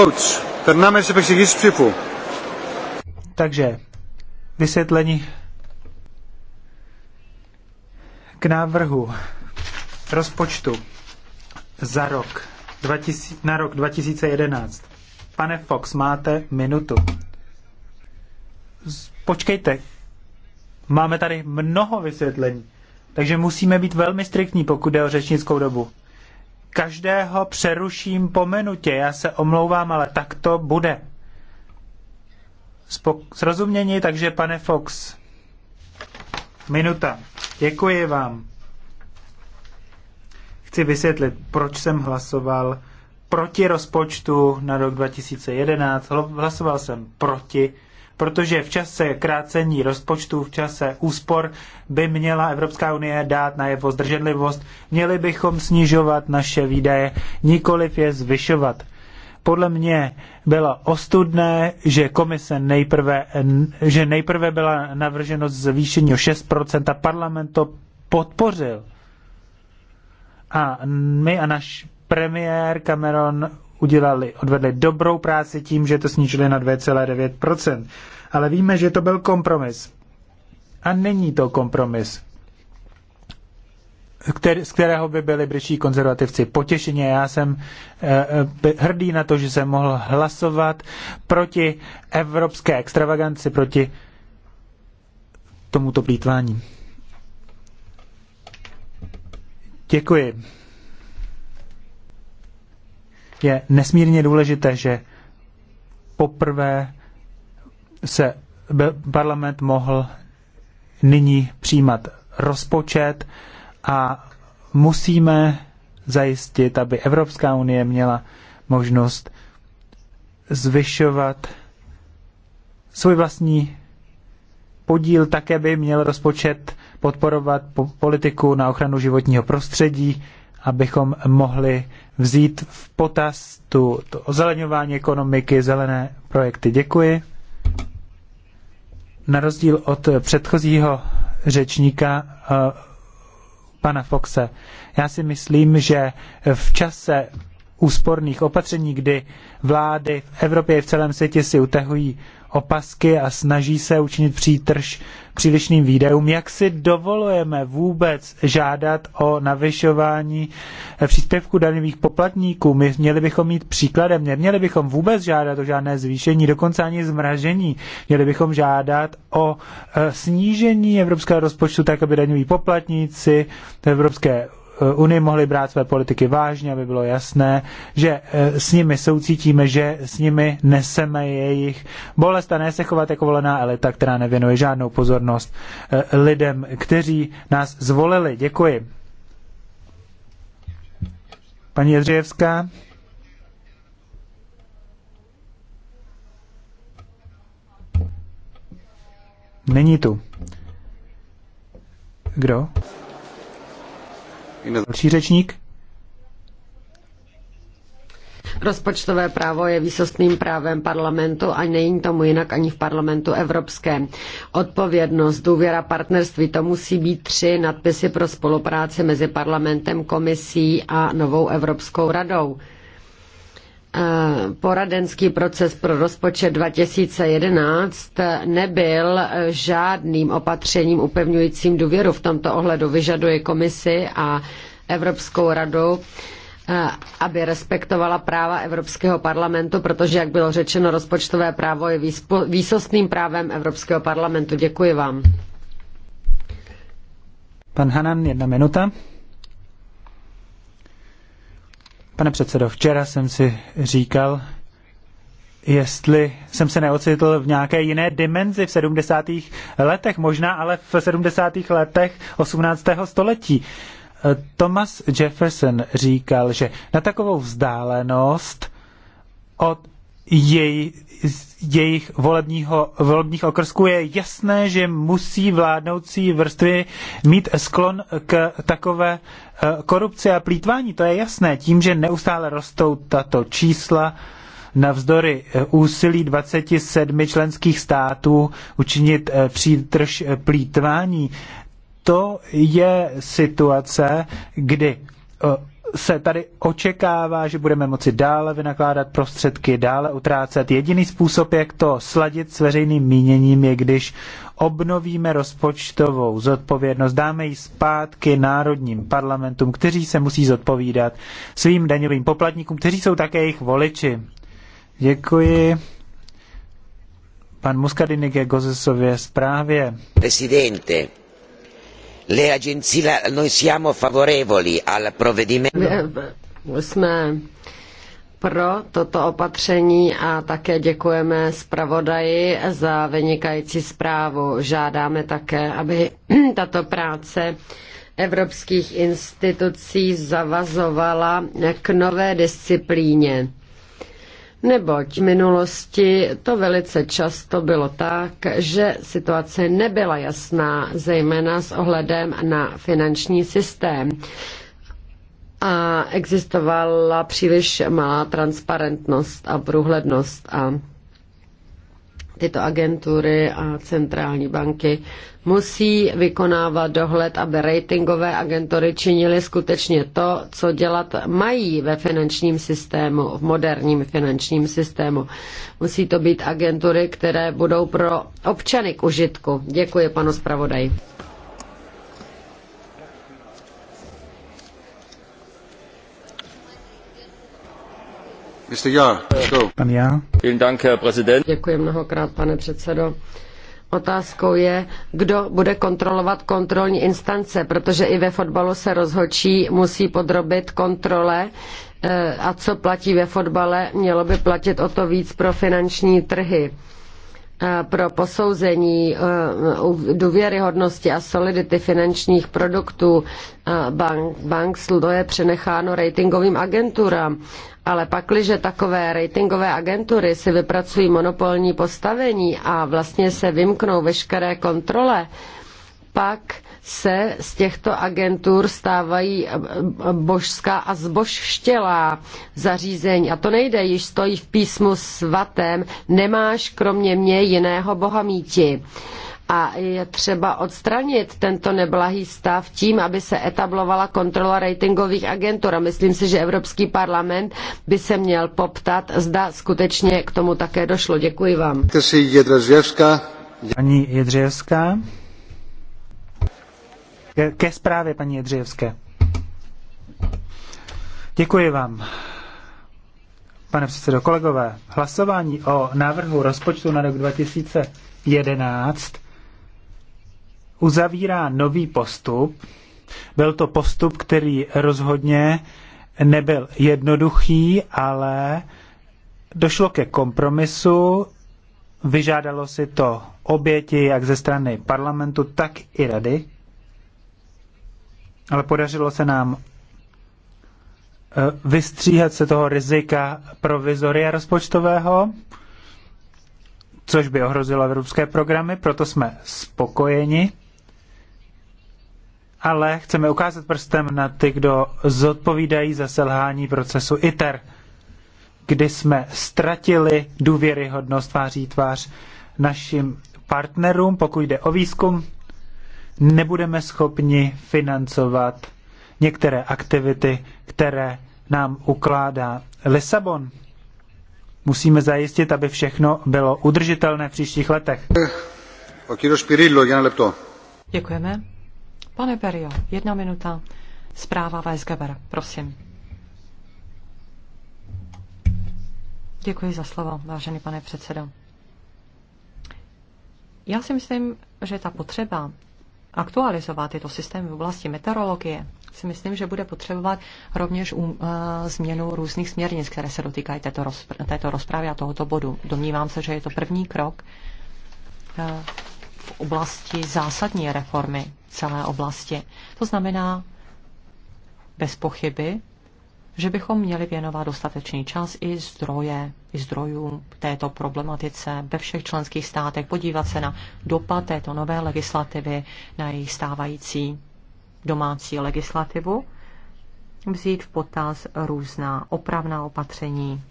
votes. Περνάμε ψήφου. Takže, vysvětlení k návrhu rozpočtu za rok 2000, na rok 2011. Pane Fox, máte minutu. Počkejte, máme tady mnoho vysvětlení, takže musíme být velmi striktní, pokud jde o řečnickou dobu. Každého přeruším po minutě, já se omlouvám, ale tak to bude. Spok- srozumění, takže pane Fox. Minuta. Děkuji vám. Chci vysvětlit, proč jsem hlasoval proti rozpočtu na rok 2011. Hlasoval jsem proti protože v čase krácení rozpočtu, v čase úspor by měla Evropská unie dát na jeho zdrženlivost. Měli bychom snižovat naše výdaje, nikoliv je zvyšovat. Podle mě bylo ostudné, že komise nejprve, že nejprve byla navrženo zvýšení o 6% a parlament to podpořil. A my a náš premiér Cameron udělali, odvedli dobrou práci tím, že to snížili na 2,9%. Ale víme, že to byl kompromis. A není to kompromis, z kterého by byli britští konzervativci Potěšeně Já jsem eh, eh, hrdý na to, že jsem mohl hlasovat proti evropské extravaganci, proti tomuto plítvání. Děkuji je nesmírně důležité, že poprvé se parlament mohl nyní přijímat rozpočet a musíme zajistit, aby Evropská unie měla možnost zvyšovat svůj vlastní podíl, také by měl rozpočet podporovat politiku na ochranu životního prostředí, abychom mohli vzít v potaz tu, to ozeleňování ekonomiky, zelené projekty. Děkuji. Na rozdíl od předchozího řečníka, eh, pana Foxe, já si myslím, že v čase úsporných opatření, kdy vlády v Evropě i v celém světě si utahují opasky a snaží se učinit přítrž přílišným výdajům. Jak si dovolujeme vůbec žádat o navyšování příspěvku daňových poplatníků? My měli bychom mít příkladem, neměli bychom vůbec žádat o žádné zvýšení, dokonce ani zmražení. Měli bychom žádat o e, snížení evropského rozpočtu tak, aby daňoví poplatníci Evropské Eh, Unii mohli brát své politiky vážně, aby bylo jasné, že eh, s nimi soucítíme, že s nimi neseme jejich bolest a ne se chovat jako volená elita, která nevěnuje žádnou pozornost eh, lidem, kteří nás zvolili. Děkuji. Paní Jedřejevská. Není tu. Kdo? Další řečník. Rozpočtové právo je výsostným právem parlamentu a není tomu jinak ani v parlamentu evropském. Odpovědnost, důvěra, partnerství, to musí být tři nadpisy pro spolupráci mezi parlamentem, komisí a novou Evropskou radou. Eh, poradenský proces pro rozpočet 2011 nebyl eh, žádným opatřením upevňujícím důvěru. V tomto ohledu vyžaduje komisi a Evropskou radu, eh, aby respektovala práva Evropského parlamentu, protože, jak bylo řečeno, rozpočtové právo je výsostným právem Evropského parlamentu. Děkuji vám. Pan Hanan, jedna minuta. Pane předsedo, včera jsem si říkal, jestli jsem se neocitl v nějaké jiné dimenzi v 70. letech, možná ale v 70. letech 18. století. Thomas Jefferson říkal, že na takovou vzdálenost od její jejich volebního, volebních okrsků, je jasné, že musí vládnoucí vrstvy mít sklon k takové e, korupci a plítvání. To je jasné tím, že neustále rostou tato čísla navzdory e, úsilí 27 členských států učinit e, přítrž plítvání. To je situace, kdy se tady očekává, že budeme moci dále vynakládat prostředky, dále utrácet. Jediný způsob, jak to sladit s veřejným míněním, je když obnovíme rozpočtovou zodpovědnost, dáme ji zpátky národním parlamentům, kteří se musí zodpovídat svým daňovým poplatníkům, kteří jsou také jejich voliči. Děkuji. Pan Muscadini ke Gozesově zprávě. Presidente. Le agenzie, noi siamo favorevoli al provvedimento. Eh, jsme pro toto opatření a také děkujeme zpravodaji za vynikající zprávu. Žádáme také, aby tato práce evropských institucí zavazovala k nové disciplíně Neboť v minulosti to velice často bylo tak, že situace nebyla jasná, zejména s ohledem na finanční systém. A existovala příliš malá transparentnost a průhlednost a tyto agentury a centrální banky musí vykonávat dohled, aby ratingové agentury činily skutečně to, co dělat mají ve finančním systému, v moderním finančním systému. Musí to být agentury, které budou pro občany k užitku. Děkuji panu zpravodaji. Pan Jahr. Děkuji mnohokrát, pane předsedo. Otázkou je, kdo bude kontrolovat kontrolní instance, protože i ve fotbalu se rozhodčí musí podrobit kontrole eh, a co platí ve fotbale, mělo by platit o to víc pro finanční trhy eh, pro posouzení eh, důvěryhodnosti a solidity finančních produktů bank, bank to je přenecháno ratingovým agenturám. Ale pakliže takové ratingové agentury si vypracují monopolní postavení a vlastně se vymknou veškeré kontrole, pak se z těchto agentur stávají božská a zbožštělá zařízení. A to nejde, již stojí v písmu svatém, nemáš kromě mě jiného Boha bohamíti a je třeba odstranit tento neblahý stav tím, aby se etablovala kontrola ratingových agentur. A myslím si, že Evropský parlament by se měl poptat, zda skutečně k tomu také došlo. Děkuji vám. Paní Jedřejevská. Ke, ke zprávě paní Jedřejevské. Děkuji vám. Pane předsedo, kolegové, hlasování o návrhu rozpočtu na rok 2011 uzavírá nový postup. Byl to postup, který rozhodně nebyl jednoduchý, ale došlo ke kompromisu, vyžádalo si to oběti jak ze strany parlamentu, tak i rady. Ale podařilo se nám eh, vystříhat se toho rizika provizoria rozpočtového, což by ohrozilo evropské programy, proto jsme spokojeni ale chceme ukázat prstem na ty, kdo zodpovídají za selhání procesu ITER, kdy jsme ztratili důvěryhodnost tváří tvář našim partnerům, pokud jde o výzkum, nebudeme schopni financovat některé aktivity, které nám ukládá Lisabon. Musíme zajistit, aby všechno bylo udržitelné v příštích letech. Eh, Děkujeme. Pane Perio, jedna minuta. Zpráva Weisgeber, prosím. Děkuji za slovo, vážený pane předsedo. Já si myslím, že ta potřeba aktualizovat tyto systémy v oblasti meteorologie si myslím, že bude potřebovat rovněž um, uh, změnu různých směrnic, které se dotýkají této, rozpr- této rozpravy a tohoto bodu. Domnívám se, že je to první krok uh, oblasti zásadní reformy celé oblasti. To znamená bez pochyby, že bychom měli věnovat dostatečný čas i zdroje, i zdrojům této problematice ve všech členských státech, podívat se na dopad této nové legislativy na jejich stávající domácí legislativu, vzít v potaz různá opravná opatření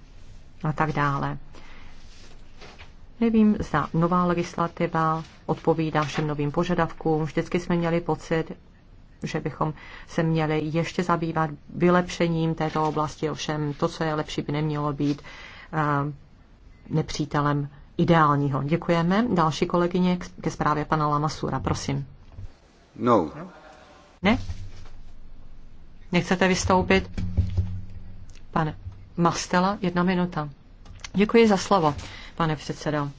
a tak dále. Nevím, zda nová legislativa odpovídá všem novým požadavkům. Vždycky jsme měli pocit, že bychom se měli ještě zabývat vylepšením této oblasti, ovšem to, co je lepší, by nemělo být eh, nepřítelem ideálního. Děkujeme. Další kolegyně ke zprávě pana Lamasura, prosím. No. Ne? Nechcete vystoupit? Pane Mastela, jedna minuta. Děkuji za slovo pane předsedo.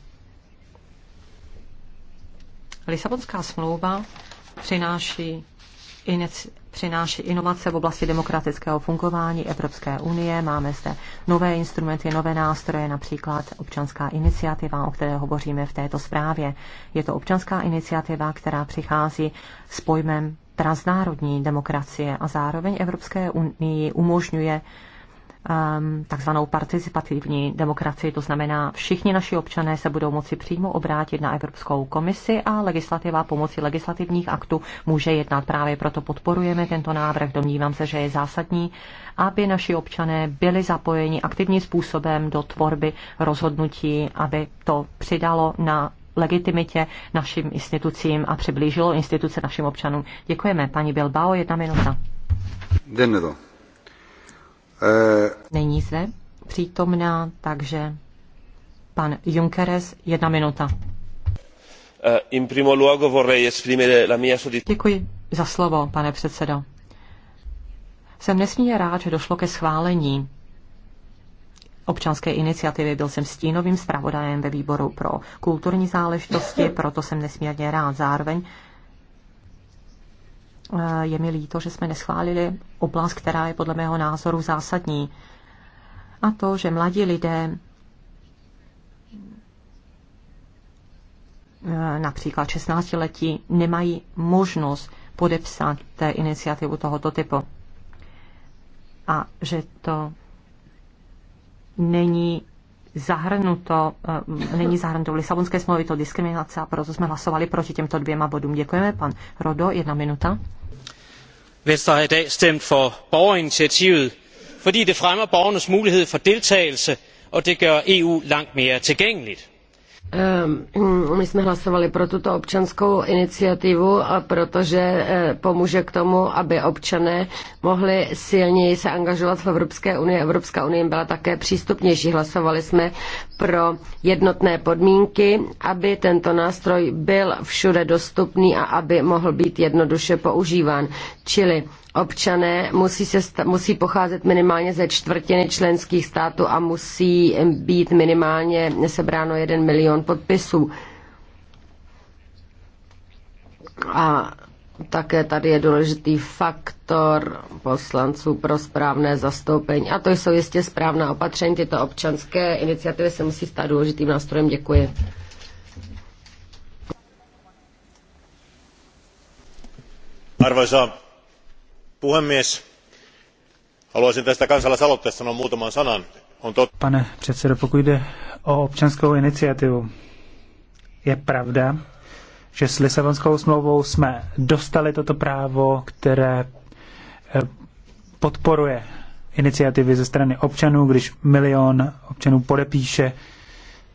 Lisabonská smlouva přináší, inec, přináší inovace v oblasti demokratického fungování Evropské unie. Máme zde nové instrumenty, nové nástroje, například občanská iniciativa, o které hovoříme v této zprávě. Je to občanská iniciativa, která přichází s pojmem transnárodní demokracie a zároveň Evropské unii umožňuje Ehm, takzvanou participativní demokracii, to znamená, všichni naši občané se budou moci přímo obrátit na Evropskou komisi a legislativa pomocí legislativních aktů může jednat. Právě proto podporujeme tento návrh. Domnívám se, že je zásadní, aby naši občané byli zapojeni aktivním způsobem do tvorby rozhodnutí, aby to přidalo na legitimitě našim institucím a přiblížilo instituce našim občanům. Děkujeme. Paní Bilbao, jedna minuta. Den Eh, Není zde přítomná, takže pan Junkeres, jedna minuta. Eh, Děkuji za slovo, pane předsedo. Jsem nesmírně rád, že došlo ke schválení občanské iniciativy. Byl jsem stínovým zpravodajem ve výboru pro kulturní záležitosti, proto jsem nesmírně rád. Zároveň je mi líto, že jsme neschválili oblast, která je podle mého názoru zásadní. A to, že mladí lidé eh, například 16-letí nemají možnost podepsat té iniciativu tohoto typu. A že to není zahrnuto, eh, není zahrnuto v Lisabonské smlouvě, to diskriminace a proto jsme hlasovali proti těmto dvěma bodům. Děkujeme, pan Rodo, jedna minuta. Venstre har i dag stemt for borgerinitiativet, fordi det fremmer borgernes mulighed for deltagelse, og det gør EU langt mere tilgængeligt. Ehm, my jsme hlasovali pro tuto občanskou iniciativu, protože eh, pomůže k tomu, aby občané mohli silněji se angažovat v Evropské unii. Evropská unie byla také přístupnější. Hlasovali jsme pro jednotné podmínky, aby tento nástroj byl všude dostupný a aby mohl být jednoduše používán. Čili občané musí, se, musí pocházet minimálně ze čtvrtiny členských států a musí být minimálně sebráno jeden milion podpisů. A také tady je důležitý faktor poslanců pro správné zastoupení. A to jsou jistě správná opatření. Tyto občanské iniciativy se musí stát důležitým nástrojem. Děkuji. Arvoisa puhemies haluaisin tästä kansalaisaloitteesta sanoa muutaman sanan. On tot... Pane předsedo, pokud jde o občanskou iniciativu, je pravda, že s Lisabonskou smlouvou jsme dostali toto právo, které eh, podporuje iniciativy ze strany občanů, když milion občanů podepíše,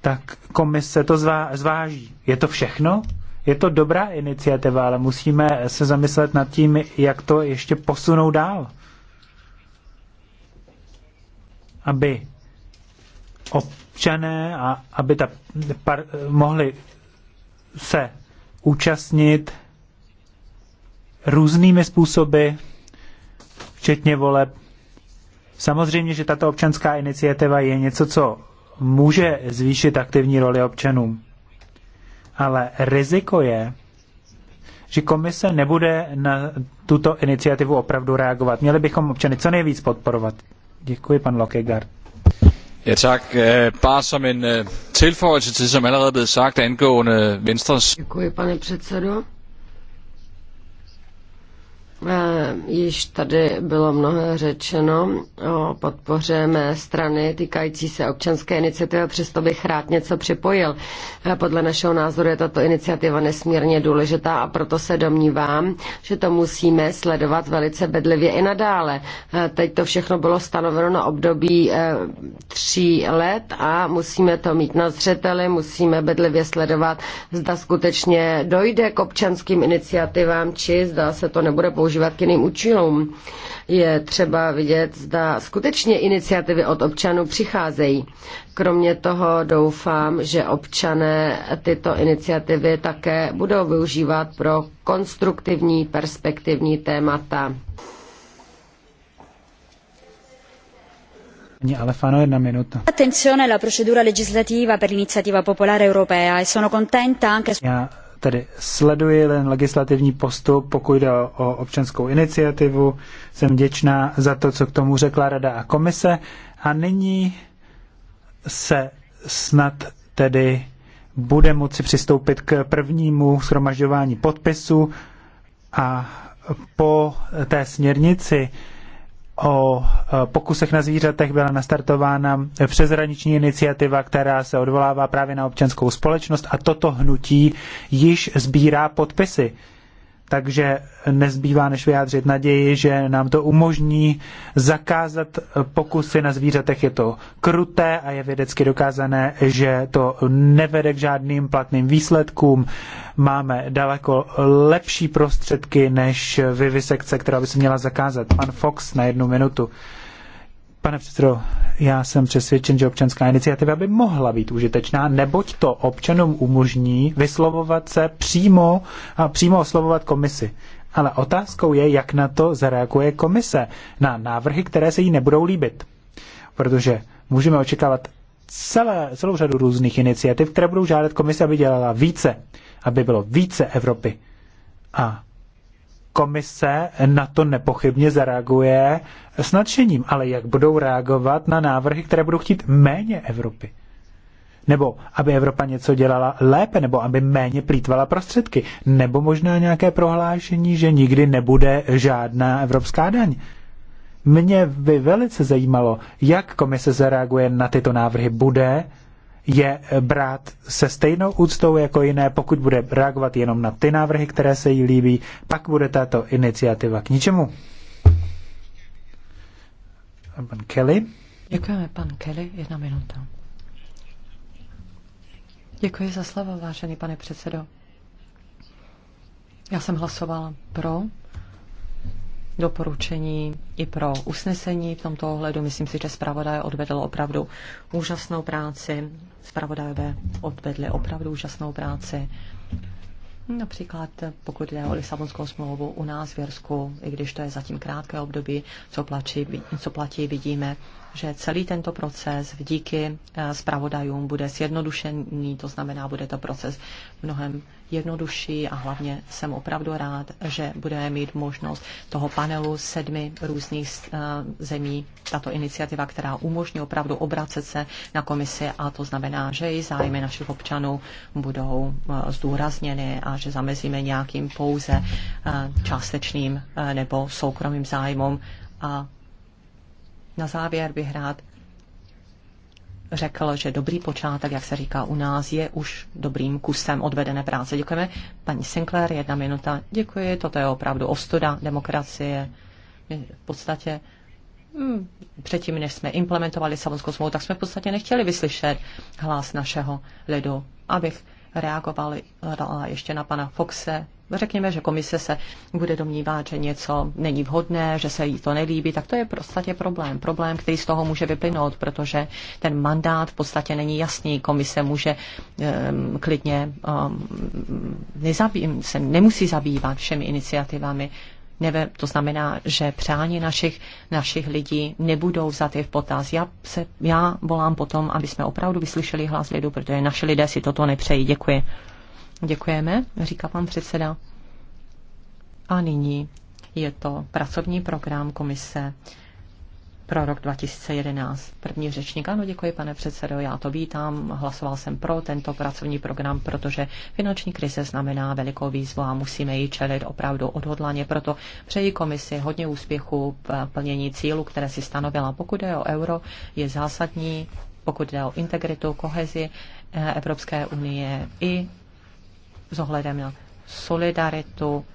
tak komise to zvá, zváží. Je to všechno? Je to dobrá iniciativa, ale musíme se zamyslet nad tím, jak to ještě posunout dál. Aby občané a aby ta par, mohli se účastnit různými způsoby, včetně voleb. Samozřejmě, že tato občanská iniciativa je něco, co může zvýšit aktivní roli občanům ale riziko je, že komise nebude na tuto iniciativu opravdu reagovat. Měli bychom občany co nejvíc podporovat. Děkuji, pan Lokegard. Ja, tak. Eh, bare som en eh, tilføjelse til, som allerede er blev sagt angående Venstres... Děkuji, pane předsedo. Eh, již tady bylo mnohé řečeno o podpoře mé strany týkající se občanské iniciativy, přesto bych rád něco připojil. Eh, podle našeho názoru je tato iniciativa nesmírně důležitá a proto se domnívám, že to musíme sledovat velice bedlivě i nadále. Eh, teď to všechno bylo stanoveno na období tří let a musíme to mít na zřeteli, musíme bedlivě sledovat, zda skutečně dojde k občanským iniciativám, či zda se to nebude použít používat k jiným účelům. Je třeba vidět, zda skutečně iniciativy od občanů přicházejí. Kromě toho doufám, že občané tyto iniciativy také budou využívat pro konstruktivní perspektivní témata. attenzione alla procedura legislativa per l'iniziativa popolare europea e sono contenta anche. Ja tedy sleduji ten legislativní postup, pokud jde o občanskou iniciativu. Jsem děčná za to, co k tomu řekla Rada a komise. A nyní se snad tedy bude moci přistoupit k prvnímu shromažďování podpisů a po té směrnici o e, pokusech na zvířatech byla nastartována přezhraniční iniciativa, která se odvolává právě na občanskou společnost a toto hnutí již sbírá podpisy takže nezbývá než vyjádřit naději, že nám to umožní zakázat pokusy na zvířatech. Je to kruté a je vědecky dokázané, že to nevede k žádným platným výsledkům. Máme daleko lepší prostředky než vyvisekce, která by se měla zakázat. Pan Fox na jednu minutu. Pane předsedo, já jsem přesvědčen, že občanská iniciativa by mohla být užitečná, neboť to občanům umožní vyslovovat se přímo a přímo oslovovat komisi. Ale otázkou je, jak na to zareaguje komise, na návrhy, které se jí nebudou líbit. Protože můžeme očekávat celé, celou řadu různých iniciativ, které budou žádat komise, aby dělala více, aby bylo více Evropy. A komise na to nepochybně zareaguje s nadšením, ale jak budou reagovat na návrhy, které budou chtít méně Evropy? Nebo aby Evropa něco dělala lépe, nebo aby méně plítvala prostředky, nebo možná nějaké prohlášení, že nikdy nebude žádná evropská daň. Mě by velice zajímalo, jak komise zareaguje na tyto návrhy. Bude je brát se stejnou úctou jako jiné, pokud bude reagovat jenom na ty návrhy, které se jí líbí, pak bude tato iniciativa k ničemu. Pan Kelly. Děkujeme, pan Kelly. Jedna minuta. Děkuji za slovo, vážený pane předsedo. Já jsem hlasovala pro doporučení i pro usnesení v tomto ohledu. Myslím si, že zpravodaj odvedl opravdu úžasnou práci zpravodajové odvedli opravdu úžasnou práci. Například pokud jde o Lisabonskou smlouvu u nás v Jersku, i když to je zatím krátké období, co, platí, co platí, vidíme že celý tento proces díky eh, zpravodajům bude zjednodušený, to znamená, bude to proces mnohem jednodušší a hlavně jsem opravdu rád, že budeme mít možnost toho panelu sedmi různých eh, zemí, tato iniciativa, která umožní opravdu obracet se na komisi a to znamená, že i zájmy našich občanů budou eh, zdůrazněny a že zamezíme nějakým pouze částečným nebo soukromým zájmům a na závěr bych rád řekl, že dobrý počátek, jak se říká u nás, je už dobrým kusem odvedené práce. Děkujeme. Paní Sinclair, jedna minuta. Děkuji, toto je opravdu ostuda demokracie. V podstatě hmm, předtím, než jsme implementovali Savonskou smlouvu, tak jsme v podstatě nechtěli vyslyšet hlas našeho lidu. Abych reagovali ještě na pana Foxe, řekněme, že komise se bude domnívat, že něco není vhodné, že se jí to nelíbí, tak to je v podstatě problém. Problém, který z toho může vyplynout, protože ten mandát v podstatě není jasný. Komise může um, klidně um, ehm, nezabý, se nemusí zabývat všemi iniciativami. Nebe, to znamená, že přání našich, našich lidí nebudou vzaty v potaz. Já, se, já volám potom, aby jsme opravdu vyslyšeli hlas lidu, protože naši lidé si toto nepřejí. Děkuji. Děkujeme, říká pan předseda. A nyní je to pracovní program komise pro rok 2011. První řečník, ano, děkuji, pane předsedo, já to vítám. Hlasoval jsem pro tento pracovní program, protože finanční krize znamená velikou výzvu a musíme ji čelit opravdu odhodlaně. Proto přeji komisi hodně úspěchu v plnění cílu, které si stanovila. Pokud je o euro, je zásadní, pokud jde o integritu, kohezi eh, Evropské unie i s ohledem na solidaritu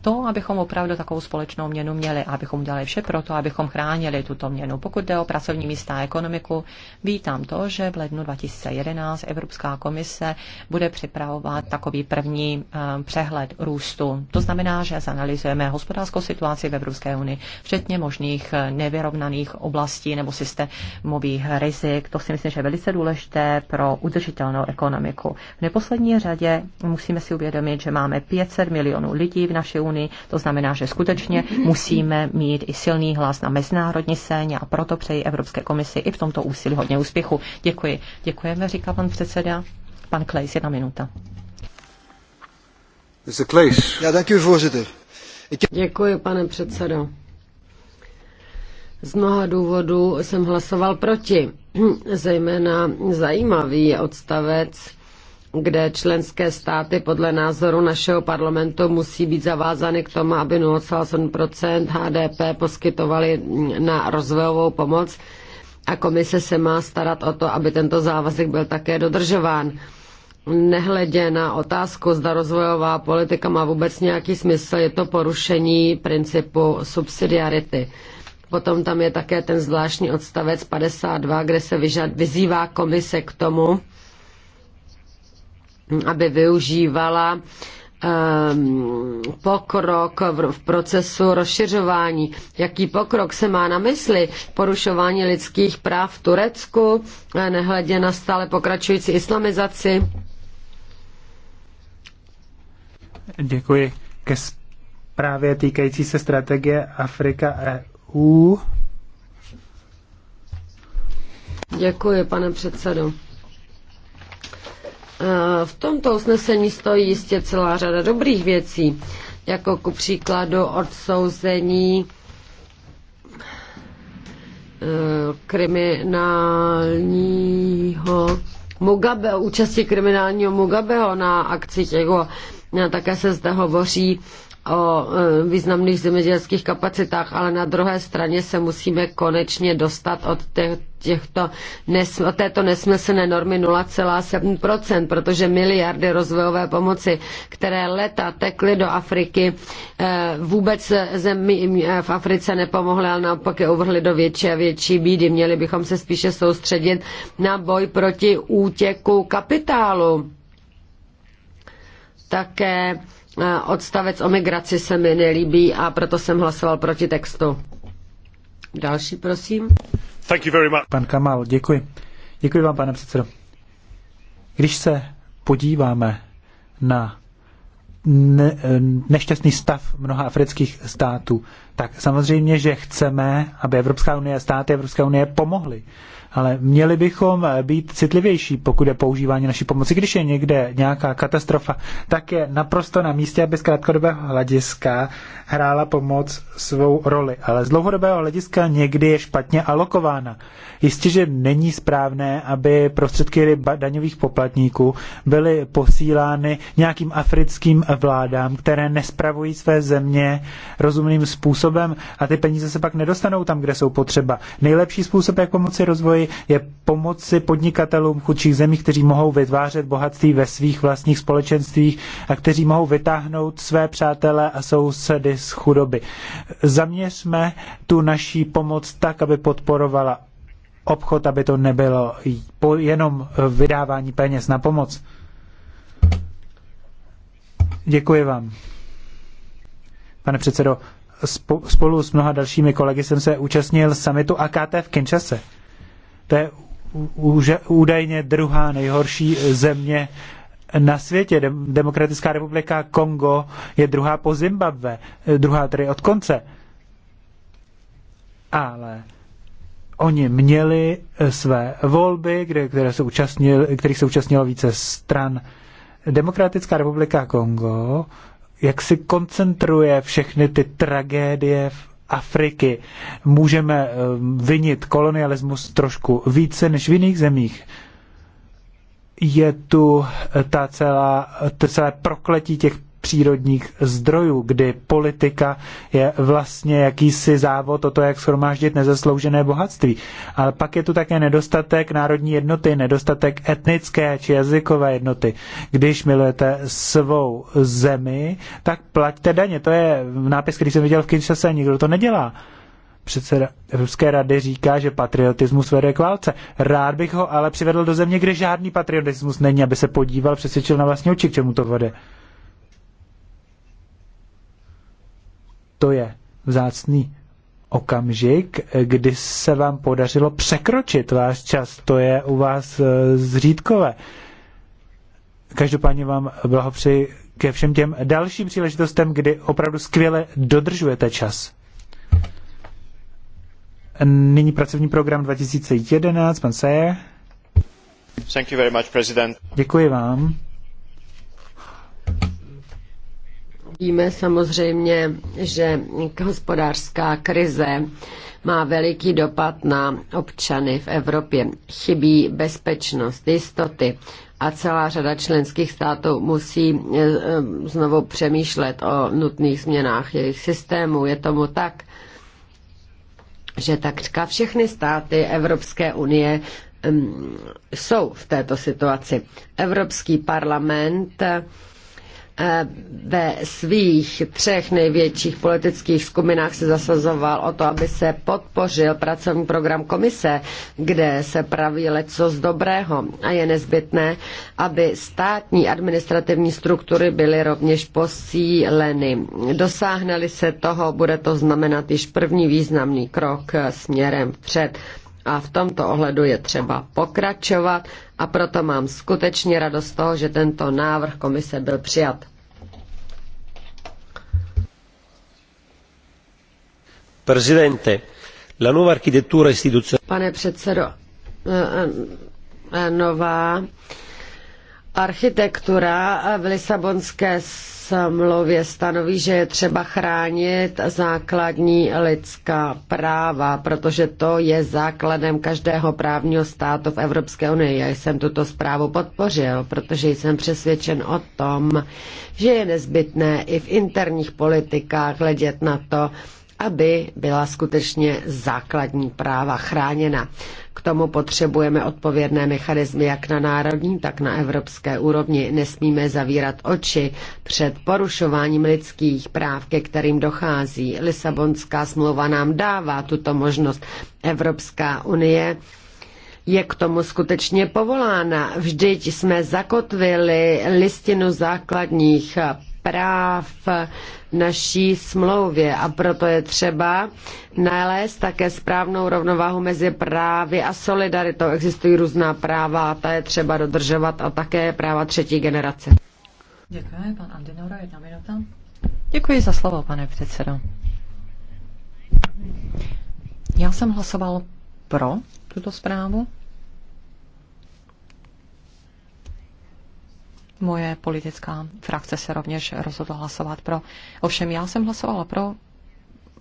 to, abychom opravdu takovou společnou měnu měli, abychom dělali vše pro to, abychom chránili tuto měnu. Pokud jde o pracovní místa a ekonomiku, vítám to, že v lednu 2011 Evropská komise bude připravovat takový první eh, přehled růstu. To znamená, že zanalizujeme hospodářskou situaci v Evropské unii, včetně možných eh, nevyrovnaných oblastí nebo systémových rizik. To si myslím, že je velice důležité pro udržitelnou ekonomiku. V neposlední řadě musíme si uvědomit, že máme 500 milionů lidí v naší Evropské unii. To znamená, že skutečně musíme mít i silný hlas na mezinárodní scéně a proto přeji Evropské komisi i v tomto úsilí hodně úspěchu. Děkuji. Děkujeme, říká pan předseda. Pan Klejs, jedna minuta. Děkuji, pane předsedo. Z mnoha důvodů jsem hlasoval proti. Zejména zajímavý je odstavec kde členské státy podle názoru našeho parlamentu musí být zavázány k tomu, aby 0,7 HDP poskytovali na rozvojovou pomoc a komise se má starat o to, aby tento závazek byl také dodržován. Nehledě na otázku, zda rozvojová politika má vůbec nějaký smysl, je to porušení principu subsidiarity. Potom tam je také ten zvláštní odstavec 52, kde se vyžad, vyzývá komise k tomu, aby využívala ehm, pokrok v procesu rozšiřování. Jaký pokrok se má na mysli? Porušování lidských práv v Turecku, eh, nehledě na stále pokračující islamizaci? Děkuji. Ke zprávě týkající se strategie Afrika EU. Děkuji, pane předsedo. Eh, v tomto usnesení stojí jistě celá řada dobrých věcí, jako ku příkladu odsouzení eh, kriminálního Mugabe, účasti kriminálního Mugabeho na akcích jeho také se zde hovoří o e, významných zemědělských kapacitách, ale na druhé straně se musíme konečně dostat od těchto, od této nesmyslné normy 0,7%, protože miliardy rozvojové pomoci, které leta tekly do Afriky, e, vůbec zemi e, v Africe nepomohly, ale naopak je uvrhly do větší a větší bídy. Měli bychom se spíše soustředit na boj proti útěku kapitálu. Také odstavec o migraci se mi nelíbí a proto jsem hlasoval proti textu. Další, prosím. Thank you very much. Pan Kamal, děkuji. Děkuji vám, pane předsedo. Když se podíváme na ne, nešťastný stav mnoha afrických států, tak samozřejmě, že chceme, aby Evropská unie a státy Evropské unie pomohly ale měli bychom eh, být citlivější, pokud je používání naší pomoci. Když je někde nějaká katastrofa, tak je naprosto na místě, aby z krátkodobého hlediska hrála pomoc svou roli. Ale z dlouhodobého hlediska někdy je špatně alokována. Jistě, že není správné, aby prostředky daňových poplatníků byly posílány nějakým africkým vládám, které nespravují své země rozumným způsobem a ty peníze se pak nedostanou tam, kde jsou potřeba. Nejlepší způsob, jak pomoci rozvoji, je pomoci podnikatelům chudších zemí, kteří mohou vytvářet bohatství ve svých vlastních společenstvích a kteří mohou vytáhnout své přátele a sousedy z chudoby. Zaměřme tu naší pomoc tak, aby podporovala obchod, aby to nebylo jenom vydávání peněz na pomoc. Děkuji vám. Pane předsedo, spolu s mnoha dalšími kolegy jsem se účastnil summitu AKT v Kinshase. To je údajně druhá nejhorší země na světě. Demokratická republika Kongo je druhá po Zimbabve, druhá tedy od konce. Ale oni měli své volby, kde, které se kterých se účastnilo více stran. Demokratická republika Kongo jak si koncentruje všechny ty tragédie v Afriky můžeme eh, vinit kolonialismus trošku více než v jiných zemích. Je tu eh, ta celá, to celé prokletí těch přírodních zdrojů, kdy politika je vlastně jakýsi závod o to, jak schromáždit nezasloužené bohatství. Ale pak je tu také nedostatek národní jednoty, nedostatek etnické či jazykové jednoty. Když milujete svou zemi, tak plaťte daně. To je nápis, který jsem viděl v Kinshase, nikdo to nedělá předseda Ruské rady říká, že patriotismus vede k válce. Rád bych ho ale přivedl do země, kde žádný patriotismus není, aby se podíval, přesvědčil na vlastní oči, k čemu to vede. to je vzácný okamžik, kdy se vám podařilo překročit váš čas. To je u vás eh, zřídkové. Každopádně vám blahopřeji ke všem těm dalším příležitostem, kdy opravdu skvěle dodržujete čas. Nyní pracovní program 2011, pan Sayer. Thank you very much, President. Děkuji vám. Víme samozřejmě, že hospodářská krize má veliký dopad na občany v Evropě. Chybí bezpečnost, jistoty a celá řada členských států musí eh, eh, znovu přemýšlet o nutných změnách jejich systémů. Je tomu tak, že takřka všechny státy Evropské unie jsou v této situaci. Evropský parlament Eh, ve svých třech největších politických skupinách se zasazoval o to, aby se podpořil pracovní program komise, kde se praví leco z dobrého a je nezbytné, aby státní administrativní struktury byly rovněž posíleny. Dosáhne-li se toho, bude to znamenat již první významný krok eh, směrem vpřed. A v tomto ohledu je třeba pokračovat a proto mám skutečně radost z toho, že tento návrh komise byl přijat. prezidente, la nuova architettura istituzionale. Pane předsedo, eh, eh, eh, nová architektura v Lisabonské smlouvě stanoví, že je třeba chránit základní lidská práva, protože to je základem každého právního státu v Evropské unii. Já jsem tuto zprávu podpořil, protože jsem přesvědčen o tom, že je nezbytné i v interních politikách hledět na to, aby byla skutečně základní práva chráněna. K tomu potřebujeme odpovědné mechanizmy jak na národní, tak na evropské úrovni. Nesmíme zavírat oči před porušováním lidských práv, ke kterým dochází. Lisabonská smlouva nám dává tuto možnost. Evropská unie je k tomu skutečně povolána. Vždyť jsme zakotvili listinu základních práv v naší smlouvě a proto je třeba nalézt také správnou rovnováhu mezi právy a solidaritou. Existují různá práva a ta je třeba dodržovat a také práva třetí generace. Děkuji, pan Andinora, jedna minuta. Děkuji za slovo, pane předsedo. Já jsem hlasoval pro tuto zprávu, Moje politická frakce se rovněž rozhodla hlasovat pro. Ovšem já jsem hlasovala pro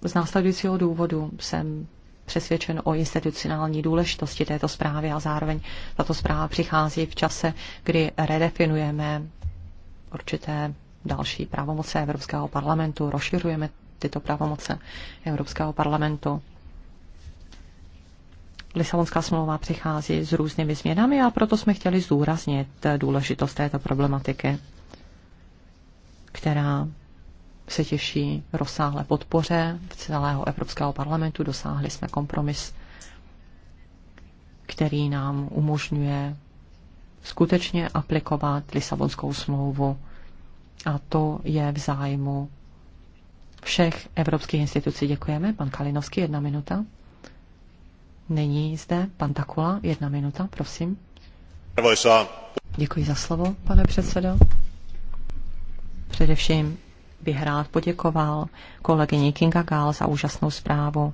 z následujícího důvodu. Jsem přesvědčen o institucionální důležitosti této zprávy a zároveň tato zpráva přichází v čase, kdy redefinujeme určité další pravomoce Evropského parlamentu, rozšiřujeme tyto pravomoce Evropského parlamentu. Lisabonská smlouva přichází s různými změnami a proto jsme chtěli zdůraznit důležitost této problematiky, která se těší rozsáhlé podpoře v celého Evropského parlamentu. Dosáhli jsme kompromis, který nám umožňuje skutečně aplikovat Lisabonskou smlouvu. A to je v zájmu všech evropských institucí. Děkujeme. Pan Kalinovský, jedna minuta. Není zde pan Takula. Jedna minuta, prosím. Děkuji za slovo, pane předsedo. Především bych rád poděkoval kolegyni Kinga Gál za úžasnou zprávu,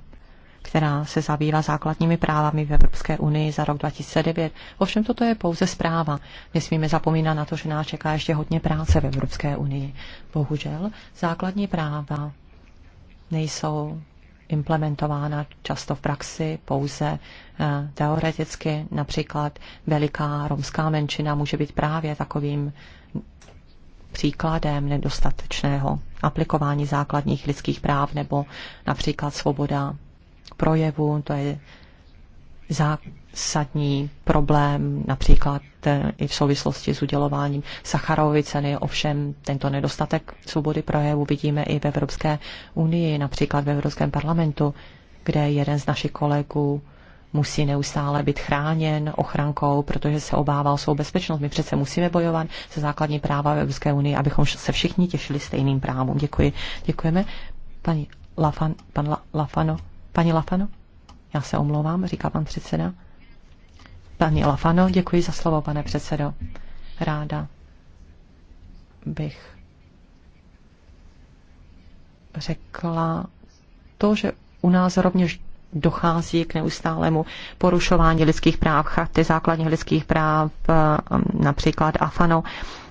která se zabývá základními právami v Evropské unii za rok 2009. Ovšem toto je pouze zpráva. Nesmíme zapomínat na to, že nás čeká ještě hodně práce v Evropské unii. Bohužel základní práva nejsou implementována často v praxi pouze eh, teoreticky. Například veliká romská menšina může být právě takovým příkladem nedostatečného aplikování základních lidských práv nebo například svoboda projevu, to je zásadní problém, například eh, i v souvislosti s udělováním Sacharovy ceny. Ovšem tento nedostatek svobody projevu vidíme i v Evropské unii, například v Evropském parlamentu, kde jeden z našich kolegů musí neustále být chráněn ochrankou, protože se obával svou bezpečnost. My přece musíme bojovat se základní práva v Evropské unii, abychom se všichni těšili stejným právům. Děkuji. Děkujeme. Pani Lafan, pan La, Lafano. Pani Lafano? Já se omlouvám, říká pan předseda. Pani Lafano, děkuji za slovo, pane předsedo. Ráda bych řekla to, že u nás rovněž dochází k neustálému porušování lidských práv, charty základních lidských práv, ehm, například AFANO,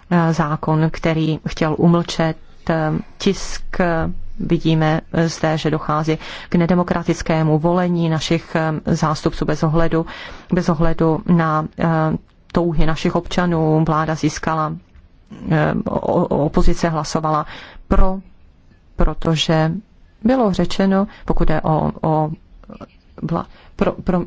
ehm, zákon, který chtěl umlčet ehm, tisk Vidíme eh, zde, že dochází k nedemokratickému volení našich eh, zástupců bez ohledu, bez ohledu na eh, touhy našich občanů. Vláda získala, opozice hlasovala pro, protože bylo řečeno, pokud je o, o vla, pro, pro,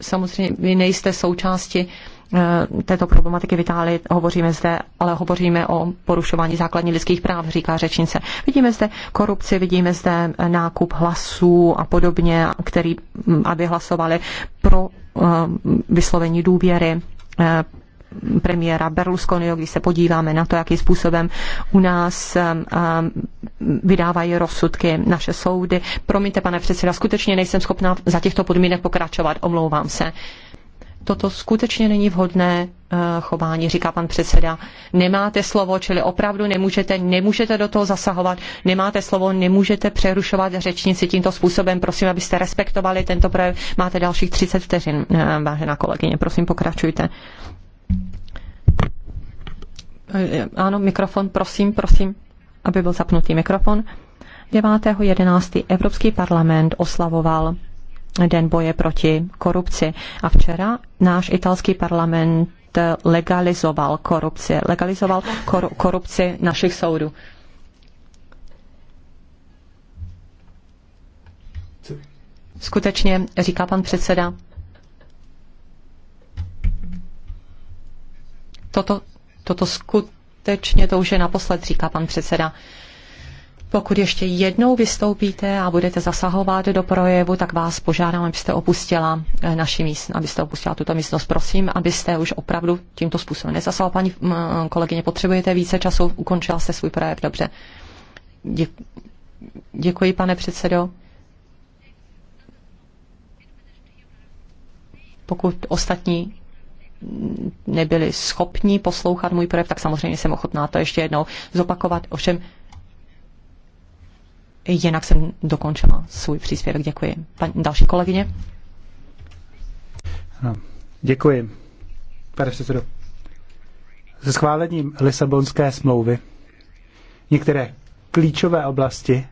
samozřejmě vy nejste součásti Eh, této problematiky v Itálii. Hovoříme zde, ale hovoříme o porušování základních lidských práv, říká řečnice. Vidíme zde korupci, vidíme zde eh, nákup hlasů a podobně, který, mm, aby hlasovali pro eh, vyslovení důvěry premiéra Berlusconiho, když se podíváme na to, jakým způsobem u nás vydávají rozsudky naše soudy. Promiňte, pane předseda, skutečně nejsem schopná za těchto podmínek pokračovat, omlouvám se toto skutečně není vhodné eh, chování, říká pan předseda. Nemáte slovo, čili opravdu nemůžete, nemůžete do toho zasahovat, nemáte slovo, nemůžete přerušovat řečnici tímto způsobem. Prosím, abyste respektovali tento projev. Máte dalších 30 vteřin, eh, vážená kolegyně, prosím, pokračujte. Eh, ano, mikrofon, prosím, prosím, aby byl zapnutý mikrofon. 9.11. Evropský parlament oslavoval den boje proti korupci. A včera náš italský parlament legalizoval korupci, legalizoval korupci našich soudů. Skutečně, říká pan předseda, toto, toto skutečně to už je naposled, říká pan předseda. Pokud ještě jednou vystoupíte a budete zasahovat do projevu, tak vás požádám, abyste opustila eh, naši míst, abyste opustila tuto místnost. Prosím, abyste už opravdu tímto způsobem nezasahovala. Paní mm, kolegyně, potřebujete více času, ukončila jste svůj projev, dobře. Děkuji, pane předsedo. Pokud ostatní nebyli schopni poslouchat můj projev, tak samozřejmě jsem ochotná to ještě jednou zopakovat. Ovšem Jinak jsem dokončila svůj příspěvek. Děkuji. Pan, další kolegyně? No, děkuji. Pane předsedo, se schválením Lisabonské smlouvy některé klíčové oblasti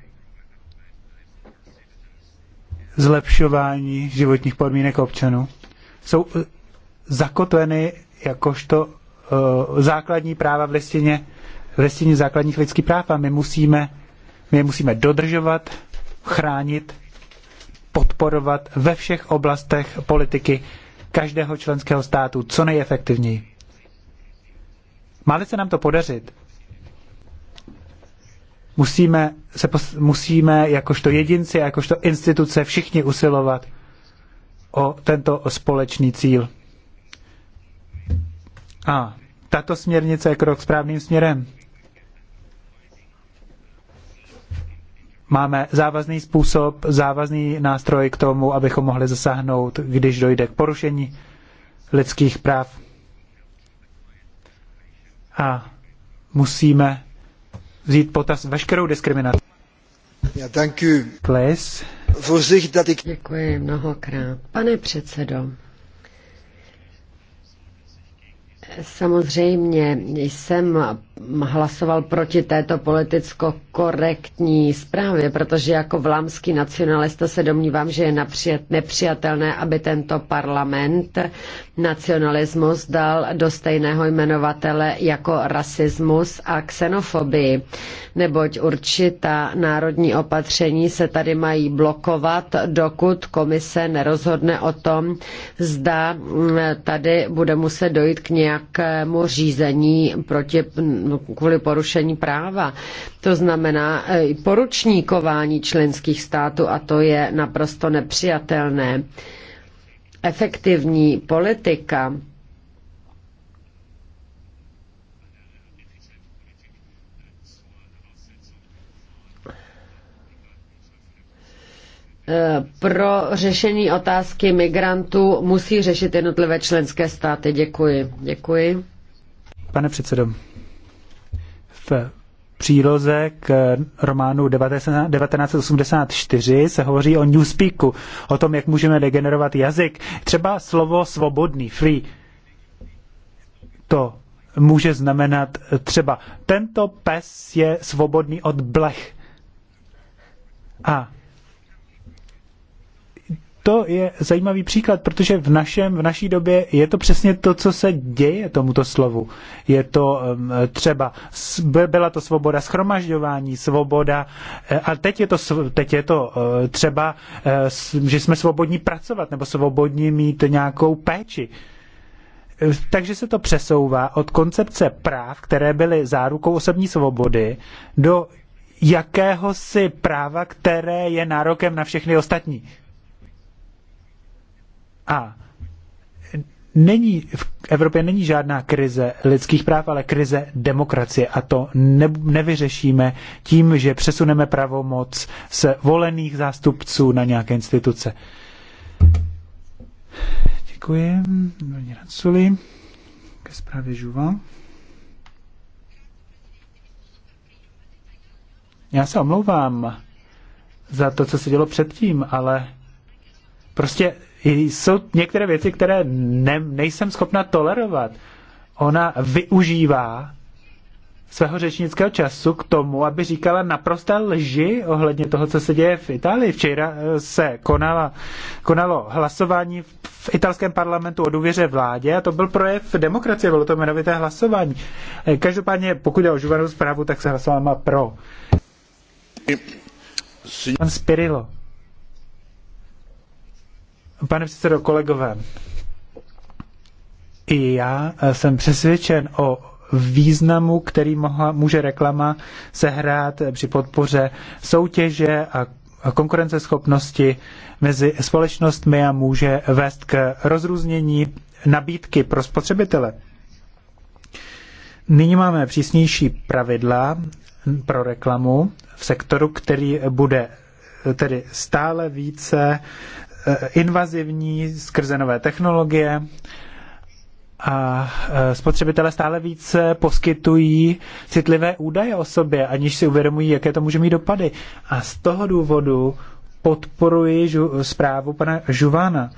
zlepšování životních podmínek občanů jsou eh, zakotveny jakožto uh, základní práva v listině, v listině základních lidských práv a my musíme my je musíme dodržovat, chránit, podporovat ve všech oblastech politiky každého členského státu co nejefektivněji. Máli se nám to podařit, musíme, se pos- musíme jakožto jedinci, jakožto instituce všichni usilovat o tento společný cíl. A tato směrnice je krok správným směrem. máme závazný způsob, závazný nástroj k tomu, abychom mohli zasáhnout, když dojde k porušení lidských práv. A musíme vzít potaz veškerou diskriminaci. Já dank Děkuji mnohokrát. Pane předsedo, samozřejmě jsem hlasoval proti této politicko-korektní zprávě, protože jako vlámský nacionalista se domnívám, že je napřijat, nepřijatelné, aby tento parlament nacionalismus dal do stejného jmenovatele jako rasismus a xenofobii, neboť určitá národní opatření se tady mají blokovat, dokud komise nerozhodne o tom, zda tady bude muset dojít k nějakému řízení proti No, kvůli porušení práva. To znamená e, i poručníkování členských států a to je naprosto nepřijatelné. Efektivní politika e, pro řešení otázky migrantů musí řešit jednotlivé členské státy. Děkuji. Děkuji. Pane předsedo, v příloze k románu 1984 se hovoří o newspeaku, o tom, jak můžeme degenerovat jazyk. Třeba slovo svobodný, free, to může znamenat třeba tento pes je svobodný od blech. A to je zajímavý příklad, protože v, našem, v naší době je to přesně to, co se děje tomuto slovu. Je to um, třeba, byla to svoboda schromažďování, svoboda, eh, a teď je to, teď je to eh, třeba, eh, že jsme svobodní pracovat nebo svobodní mít nějakou péči. Takže se to přesouvá od koncepce práv, které byly zárukou osobní svobody, do jakéhosi práva, které je nárokem na všechny ostatní. A není, v Evropě není žádná krize lidských práv, ale krize demokracie. A to ne, nevyřešíme tím, že přesuneme pravomoc z volených zástupců na nějaké instituce. Děkuji. Paní Raculi. Ke zprávě Žuva. Já se omlouvám za to, co se dělo předtím, ale prostě jsou některé věci, které ne, nejsem schopna tolerovat. Ona využívá svého řečnického času k tomu, aby říkala naprosté lži ohledně toho, co se děje v Itálii. Včera eh, se konala, konalo hlasování v italském parlamentu o důvěře vládě a to byl projev demokracie, bylo to jmenovité hlasování. Eh, každopádně, pokud jde o zprávu, tak se hlasovala pro. Pan Spirilo. Pane předsedo, kolegové, i já eh, jsem přesvědčen o významu, který mohla, může reklama sehrát eh, při podpoře soutěže a konkurenceschopnosti mezi společnostmi a může vést k rozrůznění nabídky pro spotřebitele. Nyní máme přísnější pravidla pro reklamu v sektoru, který bude eh, tedy stále více Eh, invazivní skrze nové technologie a eh, spotřebitelé stále více poskytují citlivé údaje o sobě, aniž si uvědomují, jaké to může mít dopady. A z toho důvodu podporuji zprávu pana Žuvána,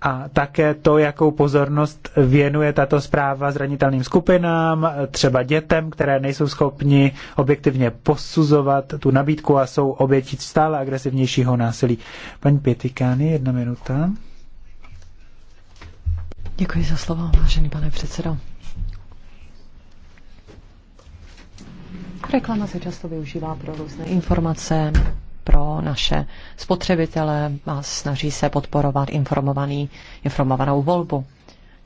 a také to, jakou pozornost věnuje tato zpráva zranitelným skupinám, třeba dětem, které nejsou schopni objektivně posuzovat tu nabídku a jsou obětí stále agresivnějšího násilí. Paní Pětikány, jedna minuta. Děkuji za slovo, vážený pane předsedo. Reklama se často využívá pro různé informace, pro naše spotřebitele a snaží se podporovat informovaný, informovanou volbu.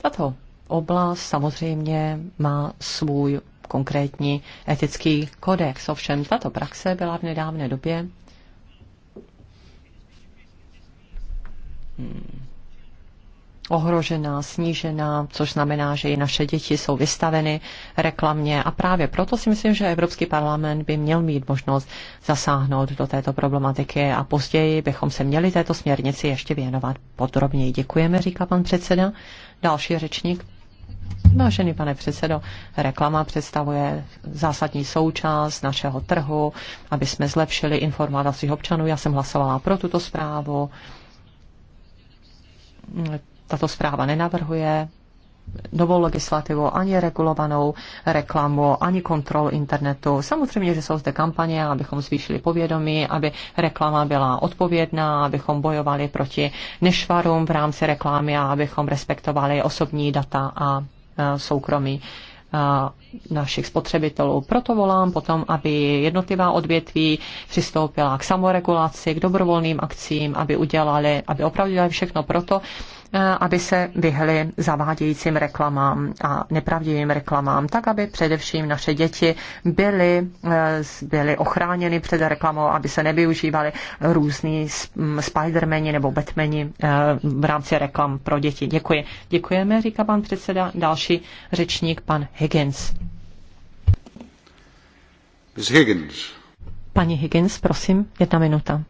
Tato oblast samozřejmě má svůj konkrétní etický kodex. Ovšem tato praxe byla v nedávné době hmm ohrožená, snížená, což znamená, že i naše děti jsou vystaveny reklamě. A právě proto si myslím, že Evropský parlament by měl mít možnost zasáhnout do této problematiky a později bychom se měli této směrnici ještě věnovat podrobněji. Děkujeme, říká pan předseda. Další řečník. Vážený pane předsedo, reklama představuje zásadní součást našeho trhu, aby jsme zlepšili informovanost občanů. Já jsem hlasovala pro tuto zprávu tato zpráva nenavrhuje novou legislativu, ani regulovanou reklamu, ani kontrol internetu. Samozřejmě, že jsou zde kampaně, abychom zvýšili povědomí, aby reklama byla odpovědná, abychom bojovali proti nešvarům v rámci reklamy a abychom respektovali osobní data a soukromí našich spotřebitelů. Proto volám potom, aby jednotlivá odvětví přistoupila k samoregulaci, k dobrovolným akcím, aby udělali, aby opravdu dělali všechno proto, aby se vyhly zavádějícím reklamám a nepravdivým reklamám, tak aby především naše děti byly, eh, byly ochráněny před reklamou, aby se nevyužívaly různí mm, Spidermeni nebo Batmani eh, v rámci reklam pro děti. Děkuji. Děkujeme, říká pan předseda. Další řečník, pan Higgins. Ms. Higgins. Pani Higgins, prosím, jedna minuta.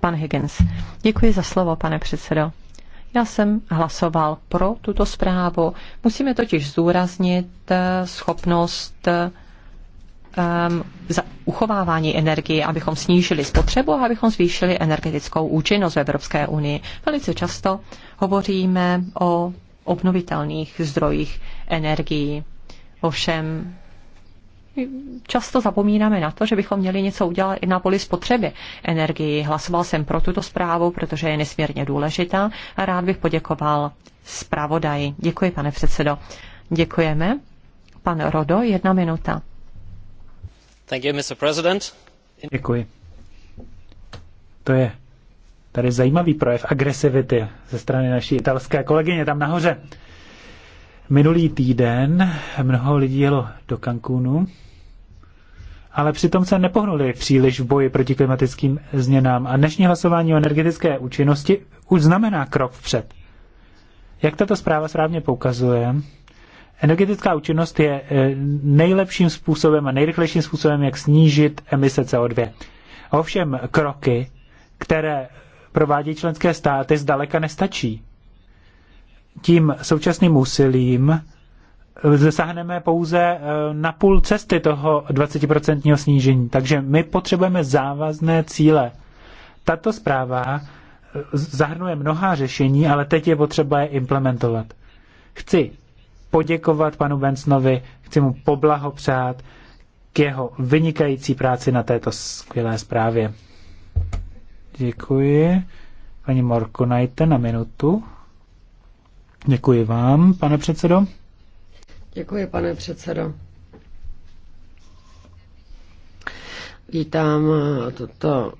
Pan Higgins. Děkuji za slovo, pane předsedo. Já jsem hlasoval pro tuto zprávu. Musíme totiž zdůraznit eh, schopnost um, za uchovávání energie, abychom snížili spotřebu a abychom zvýšili energetickou účinnost v Evropské unii. Velice často hovoříme o obnovitelných zdrojích energií. Ovšem často zapomínáme na to, že bychom měli něco udělat i na poli spotřeby energii. Hlasoval jsem pro tuto zprávu, protože je nesmírně důležitá a rád bych poděkoval zpravodaji. Děkuji, pane předsedo. Děkujeme. Pan Rodo, jedna minuta. Thank you, Mr. President. Děkuji. To je tady zajímavý projev agresivity ze strany naší italské kolegyně tam nahoře. Minulý týden mnoho lidí jelo do Cancúnu ale přitom se nepohnuli příliš v boji proti klimatickým změnám a dnešní hlasování o energetické účinnosti už znamená krok vpřed. Jak tato zpráva správně poukazuje, energetická účinnost je eh, nejlepším způsobem a nejrychlejším způsobem, jak snížit emise CO2. Ovšem kroky, které provádí členské státy, zdaleka nestačí. Tím současným úsilím zasáhneme pouze eh, na půl cesty toho 20% snížení. Takže my potřebujeme závazné cíle. Tato zpráva eh, zahrnuje mnoha řešení, ale teď je potřeba je implementovat. Chci poděkovat panu Bensnovi, chci mu poblahopřát k jeho vynikající práci na této skvělé zprávě. Děkuji. Paní Morko, najte na minutu. Děkuji vám, pane předsedo. Děkuji, pane předsedo. Vítám toto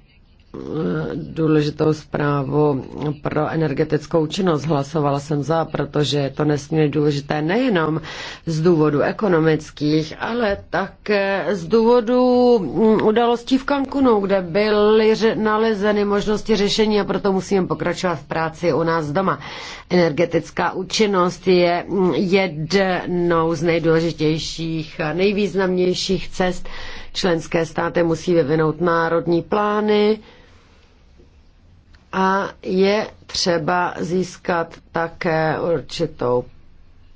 důležitou zprávu pro energetickou činnost. Hlasovala jsem za, protože je to nesmírně důležité nejenom z důvodu ekonomických, ale také z důvodu mm, událostí v Cancunu, kde byly nalezeny možnosti řešení a proto musíme pokračovat v práci u nás doma. Energetická účinnost je mm, jednou z nejdůležitějších a nejvýznamnějších cest. Členské státy musí vyvinout národní plány, a je třeba získat také určitou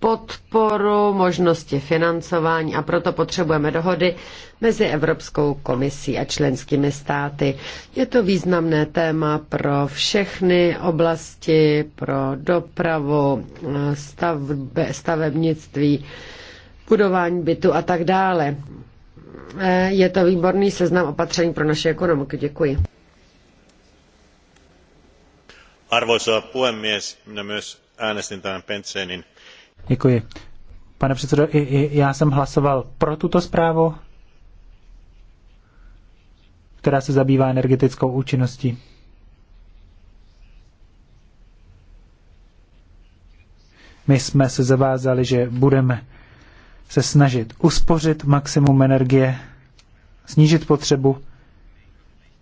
podporu možnosti financování a proto potřebujeme dohody mezi Evropskou komisí a členskými státy. Je to významné téma pro všechny oblasti, pro dopravu, stavbe, stavebnictví, budování bytu a tak dále. E, je to výborný seznam opatření pro naši ekonomiku. Děkuji. Arvoisa puhemies, minä myös äänestin tämän Pentsenin. Děkuji. Pane předsedo, i, i, já jsem hlasoval pro tuto zprávu, která se zabývá energetickou účinností. My jsme se zavázali, že budeme se snažit uspořit maximum energie, snížit potřebu,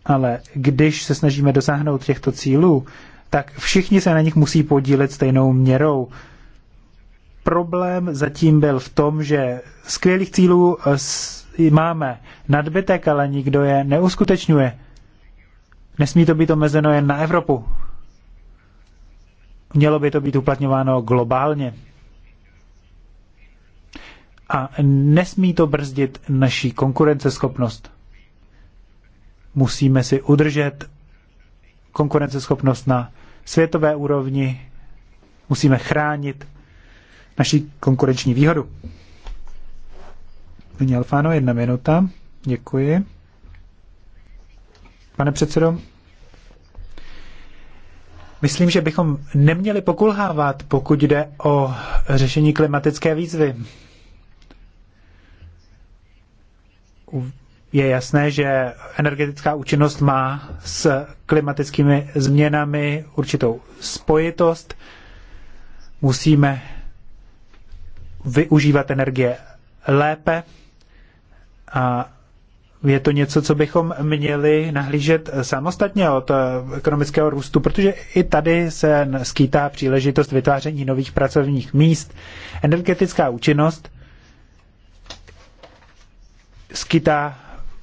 ale když se snažíme dosáhnout těchto cílů, tak všichni se na nich musí podílet stejnou měrou. Problém zatím byl v tom, že skvělých cílů eh, máme nadbytek, ale nikdo je neuskutečňuje. Nesmí to být omezeno jen na Evropu. Mělo by to být uplatňováno globálně. A nesmí to brzdit naší konkurenceschopnost. Musíme si udržet konkurenceschopnost na světové úrovni. Musíme chránit naši konkurenční výhodu. Pani Alfáno, jedna minuta. Děkuji. Pane předsedo, myslím, že bychom neměli pokulhávat, pokud jde o řešení klimatické výzvy je jasné, že energetická účinnost má s klimatickými změnami určitou spojitost. Musíme využívat energie lépe a je to něco, co bychom měli nahlížet samostatně od ekonomického růstu, protože i tady se skýtá příležitost vytváření nových pracovních míst. Energetická účinnost skýtá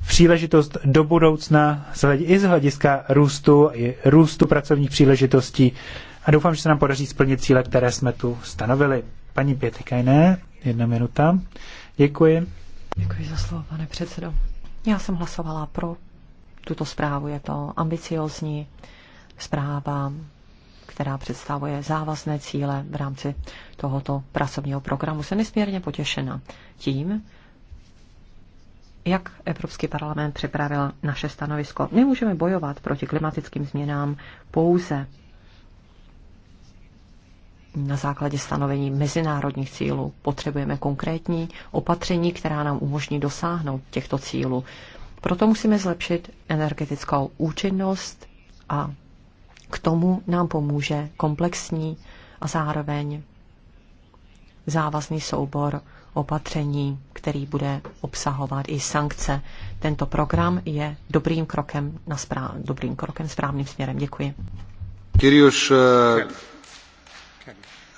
příležitost do budoucna i z hlediska růstu, růstu pracovních příležitostí a doufám, že se nám podaří splnit cíle, které jsme tu stanovili. Paní Pětikajné, jedna minuta. Děkuji. Děkuji za slovo, pane předsedo. Já jsem hlasovala pro tuto zprávu. Je to ambiciozní zpráva, která představuje závazné cíle v rámci tohoto pracovního programu. Jsem nesmírně potěšena tím, jak Evropský parlament připravil naše stanovisko. můžeme bojovat proti klimatickým změnám pouze na základě stanovení mezinárodních cílů. Potřebujeme konkrétní opatření, která nám umožní dosáhnout těchto cílů. Proto musíme zlepšit energetickou účinnost a k tomu nám pomůže komplexní a zároveň závazný soubor opatření, který bude obsahovat i sankce. Tento program je dobrým krokem, na správ, dobrým krokem správným směrem. Děkuji. Kyrios, uh,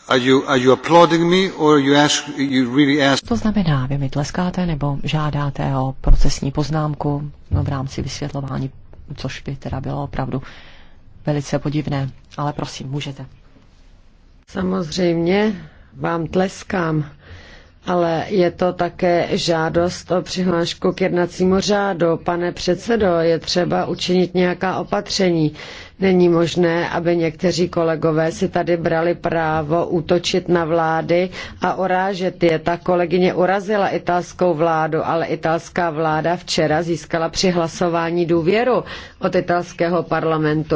are you, are you applauding me or you ask, you really ask... To znamená, vy mi tleskáte nebo žádáte o procesní poznámku no, v rámci vysvětlování, což by teda bylo opravdu velice podivné. Ale prosím, můžete. Samozřejmě vám tleskám ale je to také žádost o přihlášku k jednacímu řádu. Pane předsedo, je třeba učinit nějaká opatření. Není možné, aby někteří kolegové si tady brali právo útočit na vlády a orážet je. Ta kolegyně urazila italskou vládu, ale italská vláda včera získala při hlasování důvěru od italského parlamentu.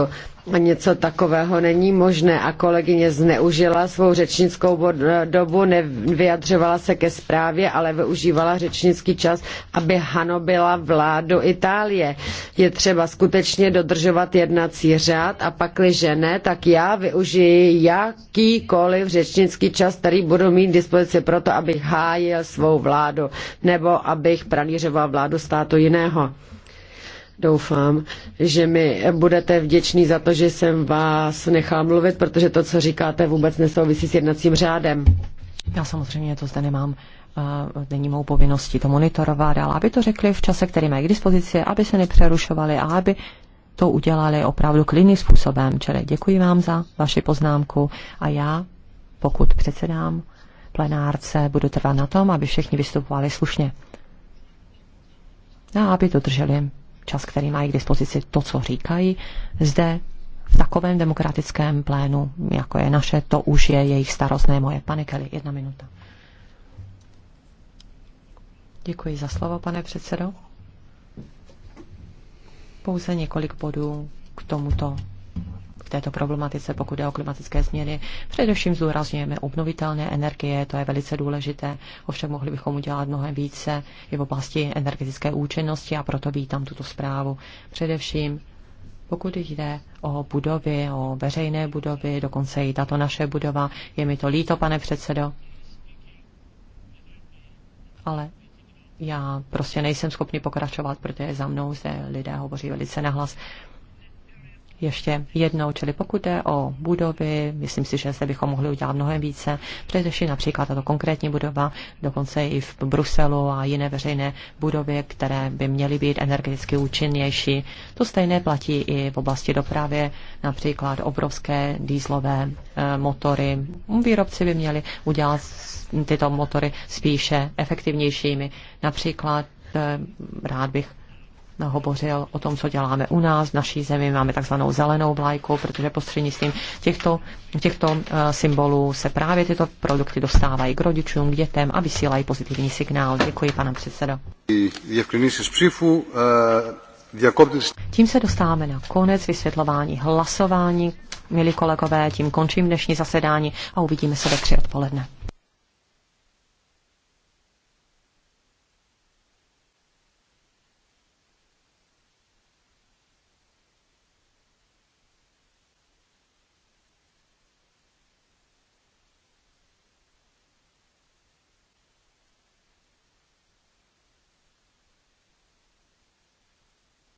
A něco takového není možné a kolegyně zneužila svou řečnickou dobu, nevyjadřovala se ke zprávě, ale využívala řečnický čas, aby hanobila vládu Itálie. Je třeba skutečně dodržovat jednací řád řád a pakliže ne, tak já využiji jakýkoliv řečnický čas, který budu mít k dispozici proto, abych hájil svou vládu nebo abych pranířoval vládu státu jiného. Doufám, že mi budete vděční za to, že jsem vás nechal mluvit, protože to, co říkáte, vůbec nesouvisí s jednacím řádem. Já samozřejmě to zde nemám není mou povinností to monitorovat, ale aby to řekli v čase, který mají k dispozici, aby se nepřerušovali a aby to udělali opravdu klidným způsobem. Čili děkuji vám za vaši poznámku a já, pokud předsedám plenárce, budu trvat na tom, aby všichni vystupovali slušně. A aby dodrželi čas, který mají k dispozici to, co říkají zde v takovém demokratickém plénu, jako je naše, to už je jejich starost, ne moje. Pane Kelly, jedna minuta. Děkuji za slovo, pane předsedo pouze několik bodů k tomuto k této problematice, pokud jde o klimatické změny. Především zdůrazňujeme obnovitelné energie, to je velice důležité, ovšem mohli bychom udělat mnohem více i v oblasti energetické účinnosti a proto vítám tuto zprávu. Především pokud jde o budovy, o veřejné budovy, dokonce i tato naše budova, je mi to líto, pane předsedo. Ale já prostě nejsem schopný pokračovat, protože za mnou se lidé hovoří velice nahlas ještě jednou, čili pokud jde o budovy, myslím si, že zde bychom mohli udělat mnohem více, především například tato konkrétní budova, dokonce i v Bruselu a jiné veřejné budovy, které by měly být energeticky účinnější. To stejné platí i v oblasti dopravy, například obrovské dýzlové eh, motory. Výrobci by měli udělat tyto motory spíše efektivnějšími. Například eh, rád bych hovořil o tom, co děláme u nás. V naší zemi máme takzvanou zelenou vlajku, protože prostřednictvím těchto, těchto eh, symbolů se právě tyto produkty dostávají k rodičům, k dětem a vysílají pozitivní signál. Děkuji, pane předsedo. Tím se dostáváme na konec vysvětlování hlasování. Milí kolegové, tím končím dnešní zasedání a uvidíme se ve tři odpoledne.